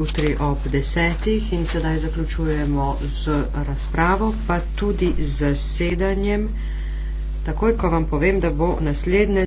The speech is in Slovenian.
jutri ob desetih in sedaj zaključujemo z razpravo, pa tudi z zasedanjem. Takoj, ko vam povem, da bo naslednje